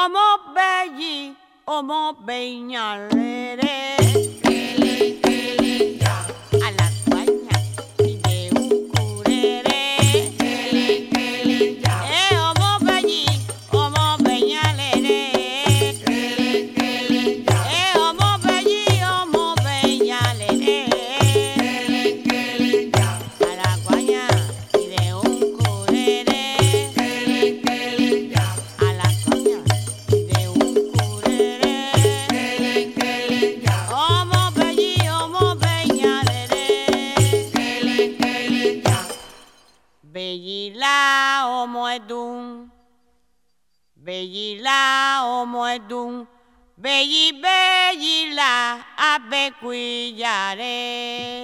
ọmọ beji, ọmọ bẹ yàn Veillez-la, ô Moedoun. Veillez-la, ô Moedoun. Veillez, veillez-la, a Bequillare.